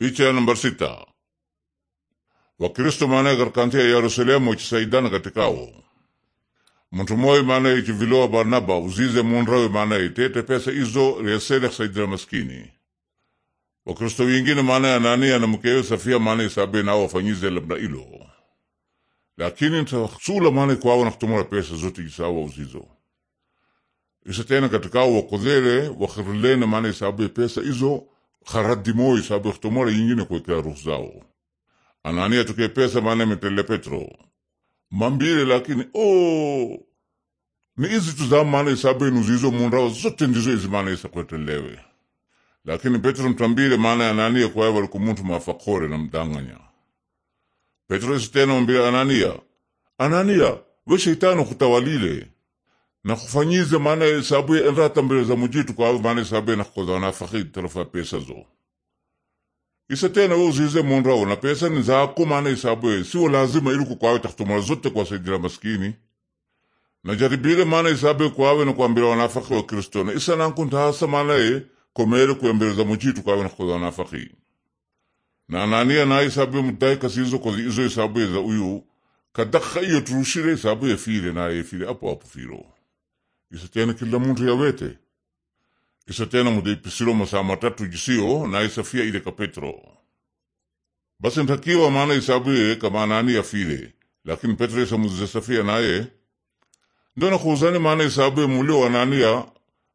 Picha ya e nambari sita. Wakristo maana garkantia Yerusalemu e ichisaidana katikao muntu moyi maana ichivilowa Barnaba uzize mundrawe maana itete pesa izo resele kusaidira maskini Wakristo wingine maana e Anania na mkewe Safia maana isabe nao wafanyize labda ilo lakini ntasula maana kwawo na kutumura pesa zote isawa uzizo isa tena katikao wakozele wakirulene maana isabe pesa izo kharadimoyi sabu ikhtomora yingine kuwekea ruhu zao anania tuke pesa maana metele petro mambile lakini oh, ni izi tuza maana isabenu zizo mundrao zote ndizo izi maana isa kwetelewe lakini petro mtambile maana anania kwaye wali kumuntu mafakore na mdanganya petro isitena mambile anania anania we sheitani kutawalile nakufanyize maana hesabu ye za mujitu kwawe maana hesabu ye nakukozana afakhi tarafu tarafa pesa zo isa tena we uzize mundu awo na pesa ni zako maana hesabu ye siwo lazima ili kukwawe takutumula zote kuwasaidia maskini najaribile maana hesabu ye kwawe nakuambila wanafakhi wa kristo na isa nanku ntahasa maana kwa komere za mujitu kwawe nakukozana afakhi na anania na hesabu ye mudai kasizo kozi izo hesabu ye za uyu kadakha iyo turushire hesabu ye file ya file apo apo filo tena kila muntu yawete isatena muda ipisilo masaa matatu jisio na fia ile ka Petro basi ntakiwa maana isabue kamanani afile lakini Petro isamuzisafia naye ndona kuzani maana isabue mulio wanania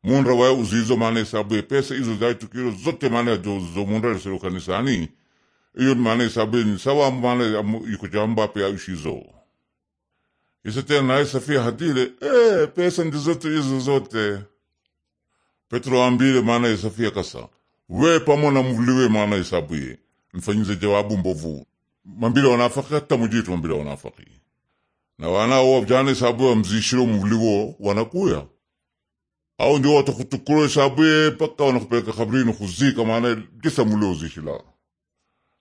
mundra wae uzizo maana isabue pesa izo tukiro zote maana jozo mundra lisilo kanisani iyo maana isabue ni sawa maana ikujamba pe ishizo Ishe tena naye Safia hatile e, eh, pesa ndizotu izo zote. Petro ambile maana ya Safia kasa we pamona muliwe maana isabuye mfanyize jawabu mbovu mambile wanafaki hata mujitu mambile wanafaki na wana wanao wabjana isabuye wamzishiro muliwo wanakuya au ndio watakutukuro isabuye paka wanakupeleka kabrini kuzika maana gisa mulio zishila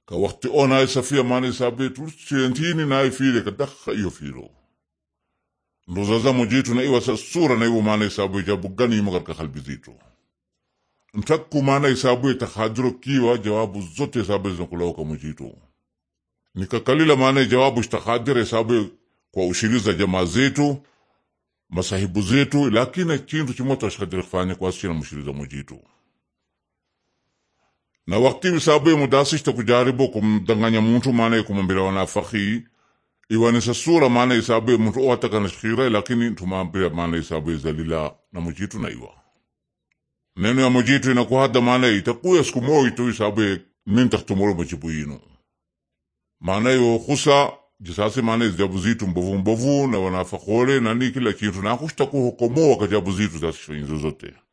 ka wakati ona Safia maana isabuye tulishentini na ifile kadaka iyo filo ndozaza mujitu na iwa sasura na iwa maana isabu jabu gani ima karka kalbi zitu ntakku maana isabu itakadiro kiwa jawabu zote isabu zinakulauka mujitu nikakalila maana jawabu istakadira isabu kwa ushiriza jamaa zetu masahibu zetu lakini chintu chimoto ashikadira kufanya kwa sina mushiriza mujitu na wakati isabu mudasishta kujaribu kumdanganya muntu maana kumambira wanafaki iwanisa sura maana isaabuye muntu shikira lakini tumaambia maana ya zalila na mujitu na iwa neno ya mujitu inakuhada maana itakuya siku moja tu minta mintakhtumuro mujibu yinu maana yo kusa jisasi maana jabu zitu mbovu mbovu na wanafakole nani kila kintu nakushtakuhokomowa kajabu zitu zasishinzo zote